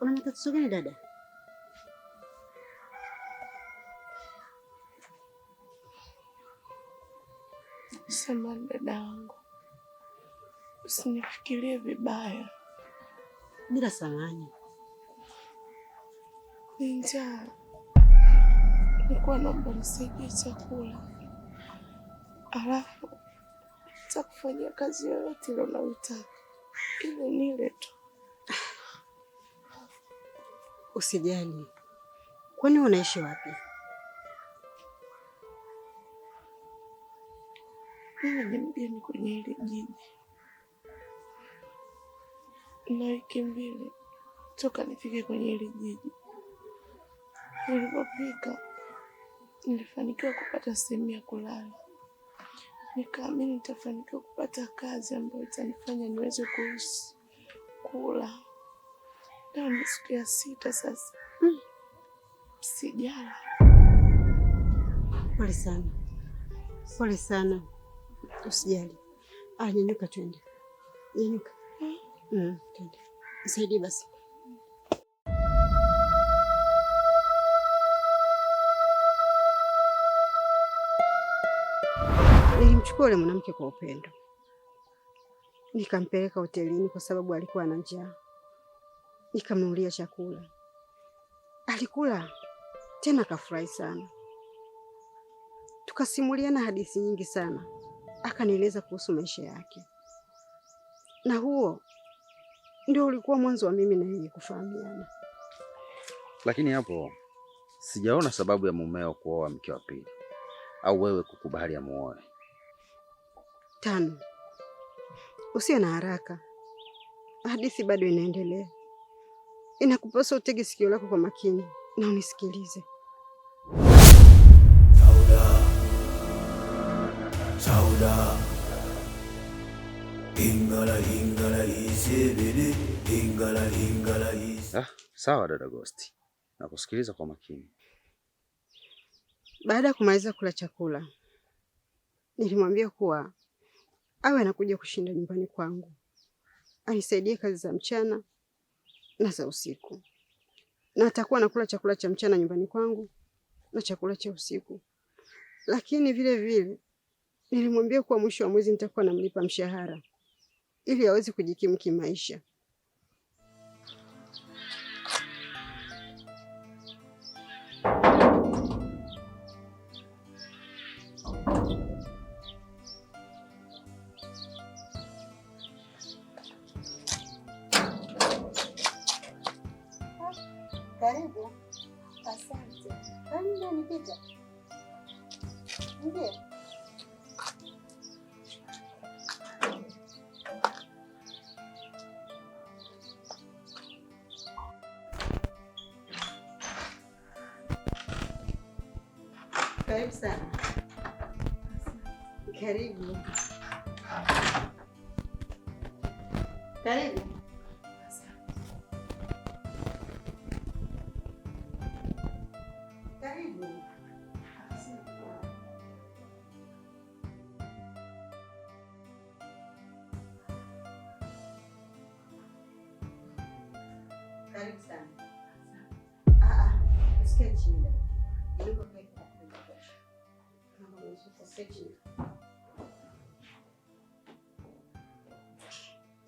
Una matatizo gani dada? Sema dada wangu, usinifikirie vibaya. Bila samani, ni njaa. Nilikuwa naomba nisaidie chakula, alafu nitakufanyia kazi yoyote ile unayoitaka, ile nile tu. Usijali. Kwani unaishi wapi? Mimi ni mgeni kwenye hili jiji na wiki mbili toka nifike kwenye hili jiji. Nilipofika nilifanikiwa kupata sehemu ya kulala, nikaamini nitafanikiwa kupata kazi ambayo itanifanya niweze kuishi, kula Leo ni siku ya sita sasa, mm. Sijala. Pole sana, pole sana, usijali. Ah, nyanyuka twende, nyanyuka mm. twende saidi basi. Nilimchukua yule mwanamke kwa upendo, nikampeleka hotelini kwa sababu alikuwa na njaa nikamnulia chakula. Alikula tena akafurahi sana, tukasimuliana hadithi nyingi sana, akanieleza kuhusu maisha yake, na huo ndio ulikuwa mwanzo wa mimi na yeye kufahamiana. Lakini hapo sijaona sababu ya mumeo kuoa mke wa pili au wewe kukubali amuoe. Tano, usiye na haraka, hadithi bado inaendelea inakupasa utege sikio lako kwa makini na unisikilize. Sauda, Sauda, ingala ingala izebele, ingala ingala izi. Ah, sawa dada Gosti, nakusikiliza kwa makini. Baada ya kumaliza kula chakula, nilimwambia kuwa awe anakuja kushinda nyumbani kwangu anisaidie kazi za mchana na za usiku, na atakuwa nakula chakula cha mchana nyumbani kwangu na chakula cha usiku. Lakini vile vile nilimwambia kuwa mwisho wa mwezi nitakuwa namlipa mshahara ili aweze kujikimu kimaisha. Karibu, asante. Amda nipita ndio karibu sana. Karibu, karibu.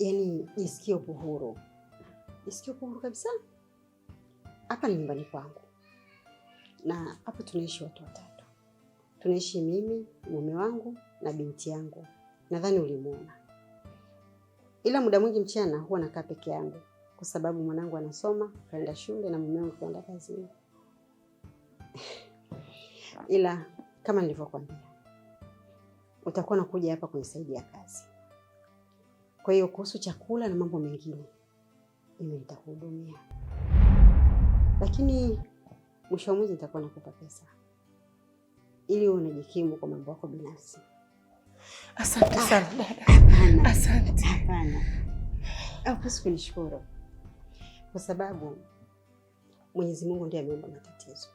yani jisikie upo huru, jisikie upo huru kabisa. Hapa ni nyumbani kwangu, na hapa tunaishi watu watatu, tunaishi mimi, mume wangu na binti yangu, nadhani ulimuona. Ila muda mwingi mchana huwa nakaa peke yangu kwa sababu mwanangu anasoma kaenda shule na mume wangu kaenda kazini. Ila kama nilivyokuambia, utakuwa nakuja hapa kunisaidia kazi kwa hiyo kuhusu chakula na mambo mengine mimi nitakuhudumia, lakini mwisho wa mwezi nitakuwa nakupa pesa ili uwe unajikimu kwa mambo yako binafsi. Asante ah, sana dada. Asante. Hapana, haukosi ah, kunishukuru kwa sababu Mwenyezi Mungu ndiye ameumba matatizo,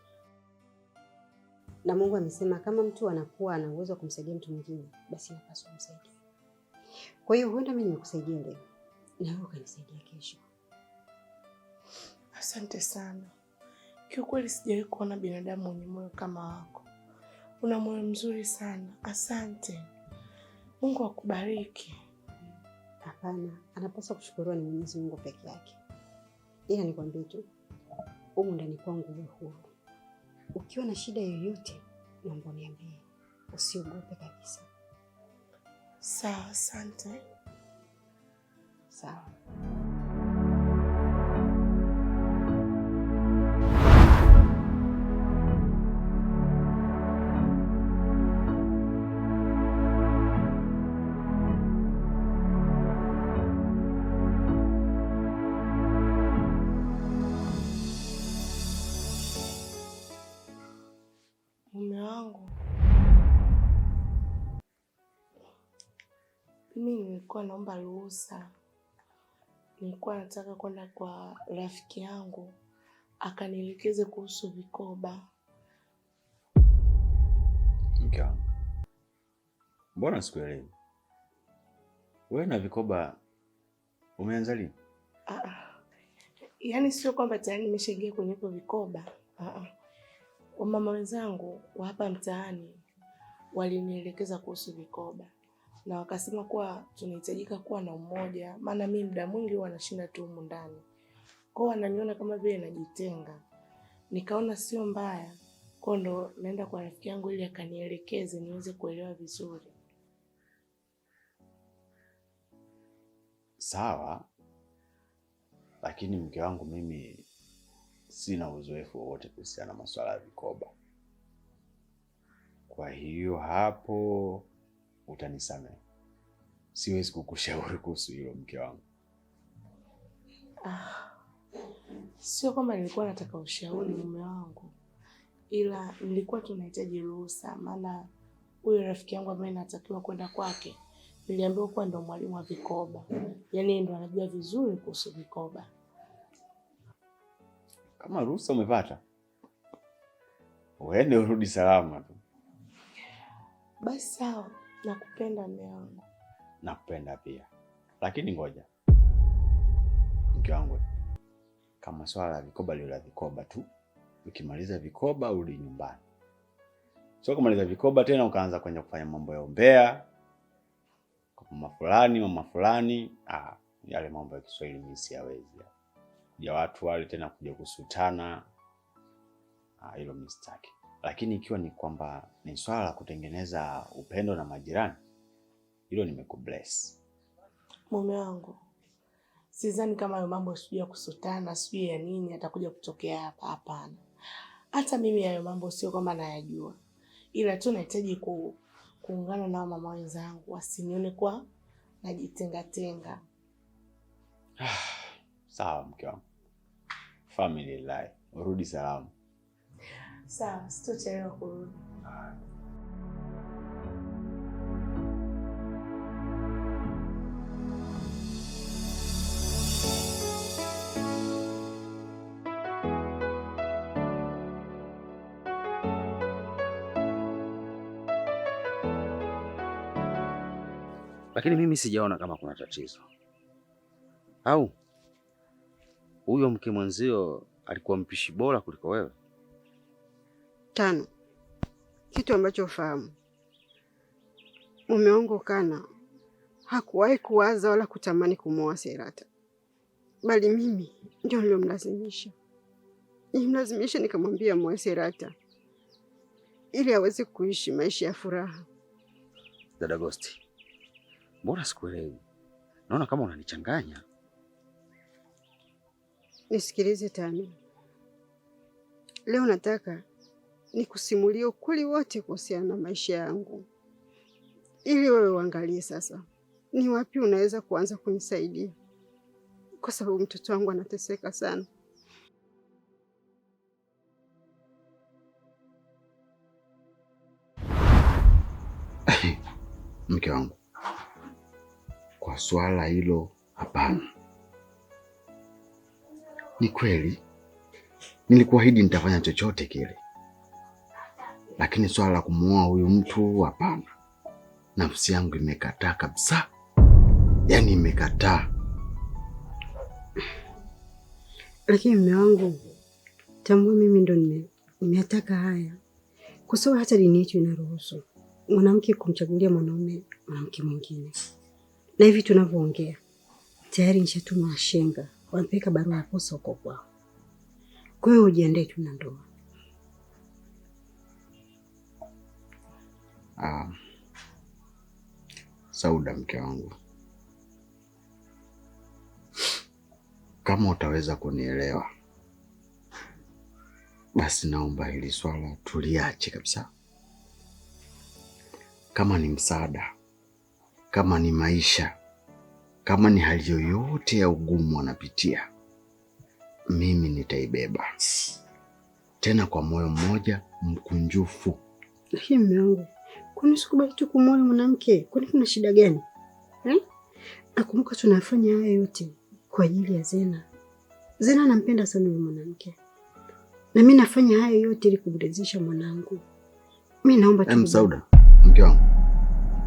na Mungu amesema kama mtu anakuwa ana uwezo wa kumsaidia mtu mwingine, basi anapaswa kumsaidia kwa hiyo huenda mimi nimekusaidia leo na wewe ukanisaidia kesho. Asante sana. Kiukweli sijawahi kuona binadamu mwenye moyo kama wako. Una moyo mzuri sana, asante. Mungu akubariki. Hapana, anapaswa kushukuriwa ni Mwenyezi Mungu peke yake. Ila nikwambie tu, humu ndani kwangu uwe huru. Ukiwa na shida yoyote, naomba niambie, usiogope kabisa. Sawa, asante. Sawa. nilikuwa naomba ruhusa, nilikuwa nataka kwenda kwa rafiki yangu akanielekeze kuhusu vikoba. Mke wangu, mbona sikuelewi? Wewe na vikoba umeanza lini? Ah, ah. Yaani sio kwamba tayari nimeshaingia kwenye hivyo vikoba. Ah, Wamama wenzangu wa hapa mtaani walinielekeza kuhusu vikoba na wakasema kuwa tunahitajika kuwa na umoja, maana mimi muda mwingi huwa nashinda tu humu ndani kwao, wananiona kama vile najitenga. Nikaona sio mbaya, kwao, ndo naenda kwa rafiki yangu ili akanielekeze niweze kuelewa vizuri. Sawa, lakini mke wangu, mimi sina uzoefu wowote kuhusiana na masuala ya vikoba, kwa hiyo hapo utanisamehe. Siwezi kukushauri kuhusu hilo, mke wangu. Ah, sio kwamba nilikuwa nataka ushauri mume wangu, ila nilikuwa tunahitaji ruhusa, maana huyo rafiki yangu ambaye natakiwa kwenda kwake niliambiwa kuwa ndo mwalimu wa vikoba, yaani ndo anajua vizuri kuhusu vikoba. Kama ruhusa umepata, uende urudi salama tu. Basi sawa. Nakupenda mume wangu. Nakupenda pia, lakini ngoja mke wangu, kama swala la vikoba lio la vikoba tu, ukimaliza vikoba uli nyumbani, sio kumaliza vikoba tena ukaanza kwenye kufanya mambo ya umbea kwa mama fulani mama fulani. Ah, yale mambo ya Kiswahili mimi siyawezi ya watu wale tena kuja kusutana. Ah, hilo mistake lakini ikiwa ni kwamba ni swala la kutengeneza upendo na majirani, hilo nimekubless mume wangu. Sidhani kama hayo mambo sijui ya kusutana sijui ya nini atakuja kutokea hapa. Hapana, hata mimi hayo mambo sio kwamba nayajua, ila tu nahitaji ku, kuungana na mama wenzangu wasinione kwa najitengatenga. Sawa mke wangu, family life, urudi salama. Sawa, sitochelewa kurudi. Lakini mimi sijaona kama kuna tatizo. Au huyo mke mwenzio alikuwa mpishi bora kuliko wewe? Tano, kitu ambacho ufahamu, mume wangu Kana hakuwahi kuwaza wala kutamani kumwoa Serata, bali mimi ndio niliyomlazimisha. Nilimlazimisha nikamwambia mwoe Serata ili aweze kuishi maisha ya furaha. Dada Gosti, mbona sikuelewi? Naona kama unanichanganya. Nisikilize Tano, leo nataka ni kusimulia ukweli wote kuhusiana na maisha yangu, ili wewe uangalie sasa ni wapi unaweza kuanza kunisaidia, kwa sababu mtoto wangu anateseka sana. Mke wangu, kwa swala hilo hapana. Ni kweli nilikuahidi nitafanya chochote kile, lakini swala la kumuoa huyu mtu hapana, nafsi yangu imekataa kabisa, yaani imekataa. Lakini mme wangu, tambua mimi ndo nimetaka haya, kwa sababu hata dini yetu inaruhusu mwanamke kumchagulia mwanaume mwanamke mwingine, na hivi tunavyoongea tayari nishatuma washenga, wanapeleka barua ya posa huko kwao. Kwa hiyo ujiandae tu na ndoa. Ah, Sauda mke wangu, kama utaweza kunielewa basi, naomba hili swala tuliache kabisa. Kama ni msaada, kama ni maisha, kama ni hali yoyote ya ugumu anapitia, mimi nitaibeba tena kwa moyo mmoja mkunjufu. Mume wangu kuna siku sikubali tu kumwoa mwanamke? Kwani kuna shida gani eh? Nakumbuka tunafanya haya yote kwa ajili ya Zena. Zena anampenda sana yule mwanamke, na mimi nafanya haya yote ili kumridhisha mwanangu. Mimi naomba tu Sauda, mke wangu,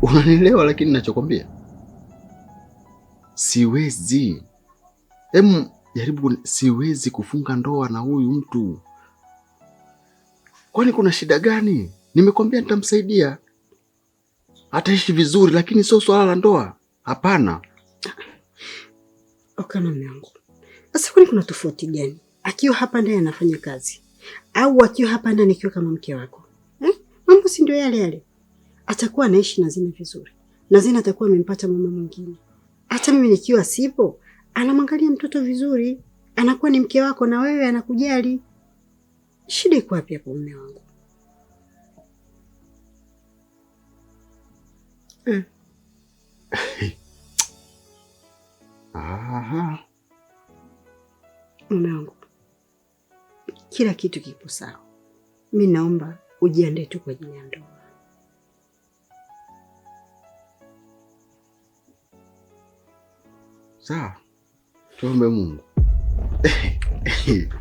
unanielewa, lakini ninachokwambia siwezi. Hem, jaribu, siwezi kufunga ndoa na huyu mtu. Kwani kuna shida gani? Nimekwambia nitamsaidia ataishi vizuri, lakini sio swala la ndoa. Hapana. Okana mume wangu, sasa kwani kuna tofauti gani akiwa hapa ndani anafanya kazi au akiwa hapa ndani akiwa kama mke wako eh? Mambo si ndio yale yale, atakuwa anaishi na Zina vizuri na Zina atakuwa amempata mama mwingine. Hata mimi nikiwa sipo, anamwangalia mtoto vizuri, anakuwa ni mke wako na wewe anakujali. Shida iko wapi hapo mume wangu? eh. Mume wangu, kila kitu kipo sawa. Mi naomba ujiande tu kwa ajili ya ndoa. Sawa, tuombe Mungu.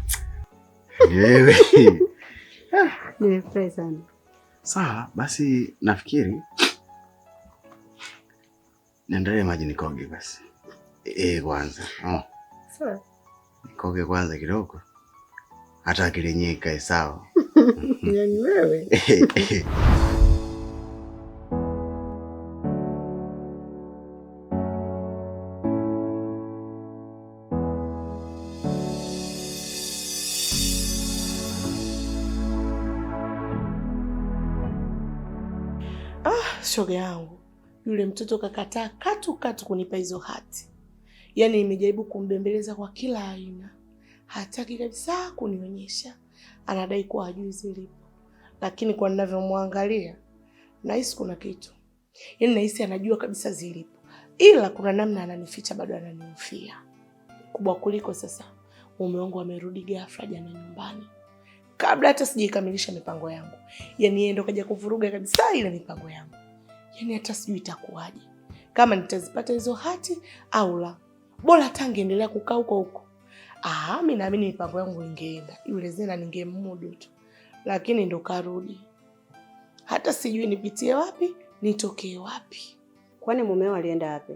Nimefurahi sana. Sawa, basi nafikiri Niandalie maji nikoge basi. Eh, kwanza. Oh. Sawa. Nikoge kwanza kidogo. Hata akili yenyewe ikae sawa. Yaani wewe. Eh, eh. Ah, shoga yangu. Yule mtoto kakataa katu katu kunipa hizo hati. Yaani nimejaribu kumbembeleza kwa kila aina, hataki kabisa kunionyesha. Anadai kuwa hajui zilipo, lakini kwa ninavyomwangalia nahisi kuna kitu. Yaani nahisi anajua kabisa zilipo, ila kuna namna ananificha, bado ananihofia. Kubwa kuliko sasa, mume wangu amerudi ghafla jana nyumbani kabla hata sijaikamilisha mipango yangu. Yaani yeye ndo kaja kuvuruga kabisa ile mipango yangu yani hata sijui itakuwaje kama nitazipata hizo hati au la. Bora hata tangeendelea kukaa huko huko. Ah, mimi naamini mipango yangu ingeenda yule Zena ningemudu tu, lakini ndo karudi. Hata sijui nipitie wapi nitokee wapi. Kwani mumeo alienda wapi?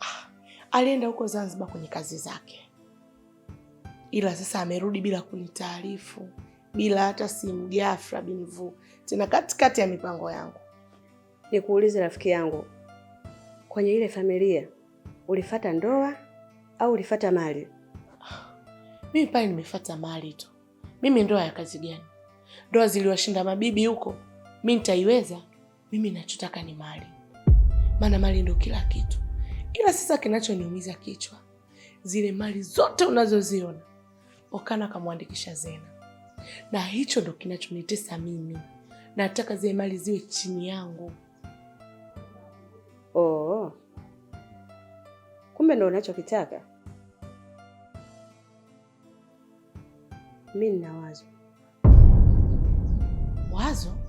Ah, alienda huko Zanzibar kwenye kazi zake, ila sasa amerudi bila kunitaarifu, bila hata simu. ghafla binvu tena katikati ya mipango yangu Nikuulize rafiki yangu, kwenye ile familia ulifata ndoa au ulifata mali? Mimi pale nimefata mali tu. Mimi ndoa ya kazi gani? Ndoa ziliwashinda mabibi huko, mi nitaiweza? Mimi nachotaka ni mali, maana mali ndio kila kitu. Ila sasa kinachoniumiza kichwa, zile mali zote unazoziona Okana akamwandikisha Zena, na hicho ndo kinachonitesa mimi. Nataka zile mali ziwe chini yangu. kumbe ndo unachokitaka. Mi nina wazo. Wazo?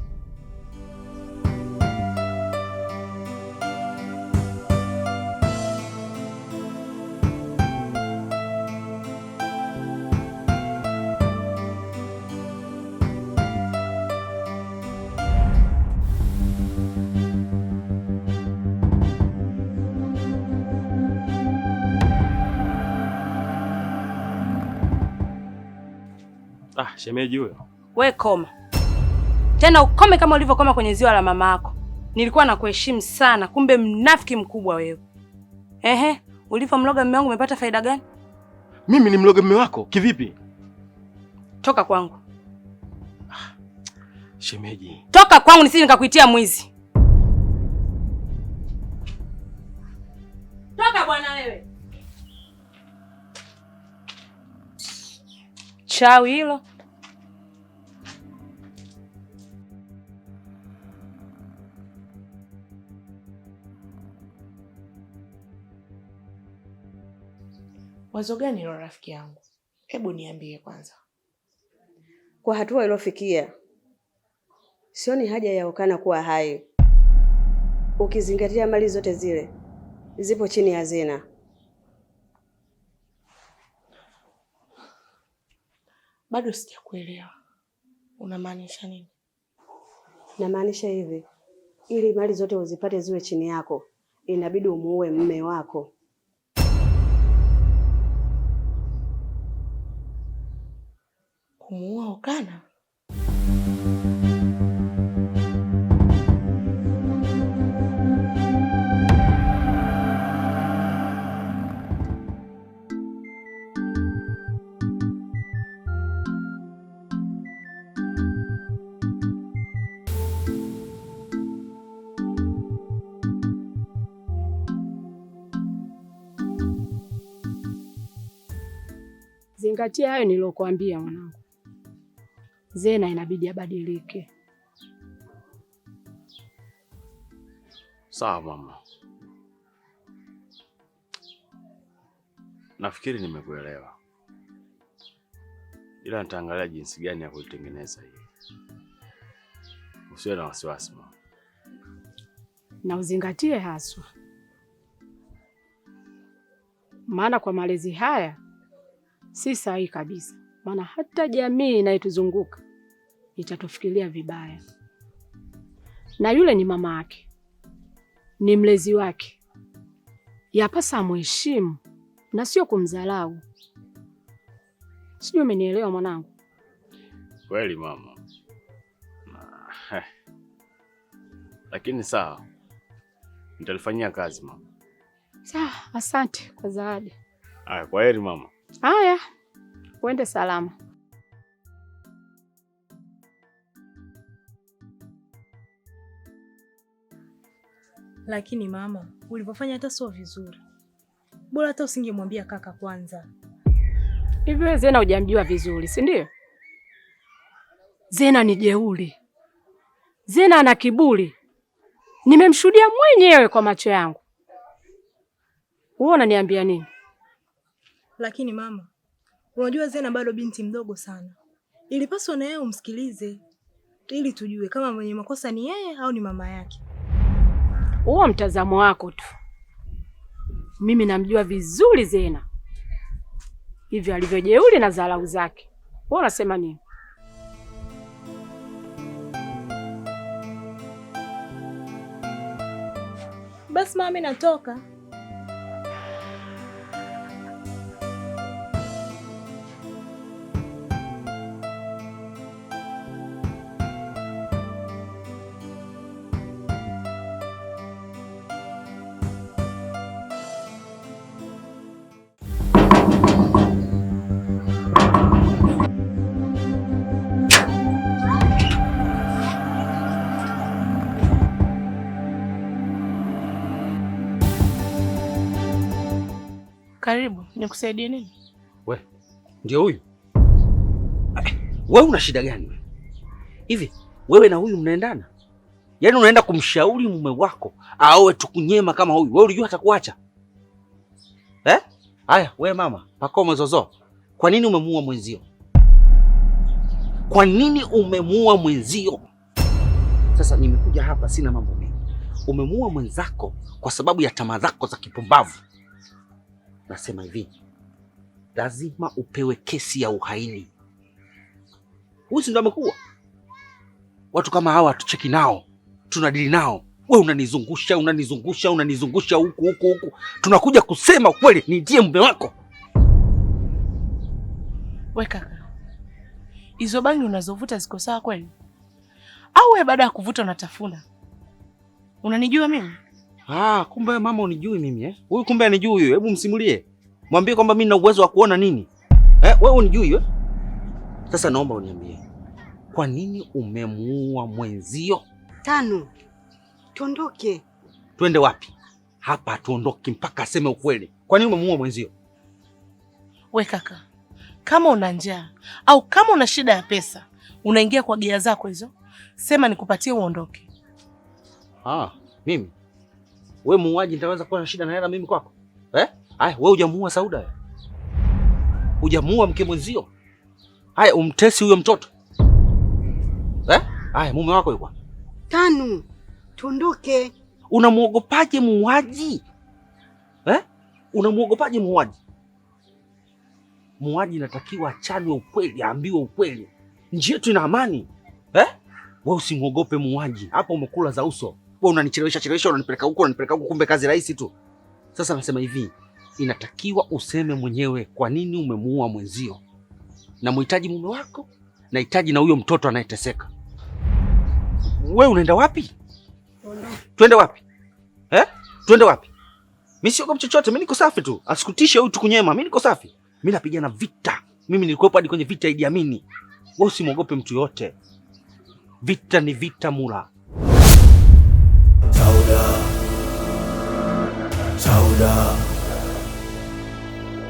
Shemeji huyo. We koma tena, ukome kama ulivyokoma kwenye ziwa la mama yako. Nilikuwa nakuheshimu sana, kumbe mnafiki mkubwa wewe. Ehe, ulivyomloga mume wangu umepata faida gani? Mimi ni mloga mume wako kivipi? Toka kwangu ah, shemeji, toka kwangu nisije nikakuitia mwizi. Toka bwana wewe, Chao hilo. Wazo gani hilo rafiki yangu? Hebu niambie kwanza. Kwa hatua ilofikia, sioni haja ya Okana kuwa hai, ukizingatia mali zote zile zipo chini ya Zena. Bado sijakuelewa, unamaanisha nini? Namaanisha hivi, ili mali zote uzipate ziwe chini yako, inabidi umuue mume wako kumuua Okana? Zingatia hayo nilokuambia mwanangu. Zena inabidi abadilike. Sawa mama, nafikiri nimekuelewa, ila nitaangalia jinsi gani ya kuitengeneza hii. Usiwe na wasiwasi mama, na uzingatie haswa, maana kwa malezi haya si sahihi kabisa maana hata jamii inayotuzunguka itatufikiria vibaya, na yule ni mama yake, ni mlezi wake, yapasa amheshimu na sio kumdharau. Sijui umenielewa mwanangu? Kweli mama. Eh. lakini sawa, nitalifanyia kazi mama. Sawa, asante kwa zawadi. aya kwa heri mama. Haya uende salama. Lakini mama, ulivyofanya hata sio vizuri. Bora hata usingemwambia kaka kwanza. Hivi wewe Zena hujamjua vizuri, si ndio? Zena ni jeuri. Zena ana kiburi. Nimemshuhudia mwenyewe kwa macho yangu. Wewe unaniambia nini? Lakini mama, Unajua Zena bado binti mdogo sana, ilipaswa na yeye umsikilize ili tujue kama mwenye makosa ni yeye au ni mama yake. Huo mtazamo wako tu, mimi namjua vizuri Zena, hivyo alivyojeuli na dharau zake. Wewe unasema nini? Basi mama, natoka. Karibu, nikusaidie nini? We ndio huyu? Wewe eh, una shida gani hivi? Wewe na huyu mnaendana? Yaani unaenda kumshauri mume wako aoe tukunyema kama huyu? Wewe ulijua atakuacha eh? Haya, we mama pako Zozo, kwa nini umemuua mwenzio? Kwa nini umemuua mwenzio? Sasa nimekuja hapa, sina mambo mengi. Umemuua mwenzako kwa sababu ya tamaa zako za kipumbavu nasema hivi, lazima upewe kesi ya uhaini. Huyu si ndo amekuwa, watu kama hawa hatucheki nao, tunadili nao. We unanizungusha unanizungusha unanizungusha huku huku huku, tunakuja kusema kweli nitie mume wako. We kaka, hizo bangi unazovuta ziko sawa kweli? Au we baada ya kuvuta unatafuna? Unanijua mimi Ah, kumbe mama unijui mimi eh? Huyu kumbe anijui huyu. Hebu msimulie. Mwambie kwamba mimi nina uwezo wa kuona nini? Eh, wewe unijui wewe? Eh? Sasa naomba uniambie. Kwa nini umemuua mwenzio? Tano. Tuondoke. Twende wapi? Hapa tuondoke mpaka aseme ukweli. Kwa nini umemuua mwenzio? We kaka, kama una njaa au kama una shida ya pesa, unaingia kwa gia zako hizo, sema nikupatie uondoke. Ah, mimi We muuaji, nitaweza kuwa na shida na hela mimi kwako eh? Haya, we hujamuua Sauda, hujamuua mke mwenzio. Haya, umtesi huyo mtoto eh? Haya, mume wako yuko Tanu, tuondoke. Unamwogopaje muuaji eh? Unamwogopaje muuaji? Muuaji natakiwa achanwe ukweli, aambiwe ukweli, nchi yetu ina amani eh? We usimwogope muuaji, hapo umekula za uso wewe unanichelewesha chelewesha, unanipeleka huko unanipeleka huko, kumbe kazi rahisi tu. Sasa nasema hivi, inatakiwa useme mwenyewe kwa nini umemuua mwenzio. Namhitaji mume wako, nahitaji na huyo mtoto anayeteseka. We unaenda wapi? Twende wapi eh? Twende wapi? Mi siogopi chochote, mi niko safi tu, asikutishe huyu tukunyema. Mi niko safi, mi napigana vita. Mimi nilikuwepo hadi kwenye vita Idi Amini. Wewe usimwogope mtu yote, vita ni vita mura da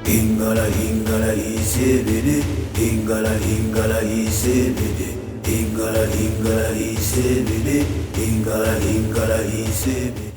Hingala hingala ise biri Hingala hingala ise biri Hingala hingala ise biri Hingala hingala ise biri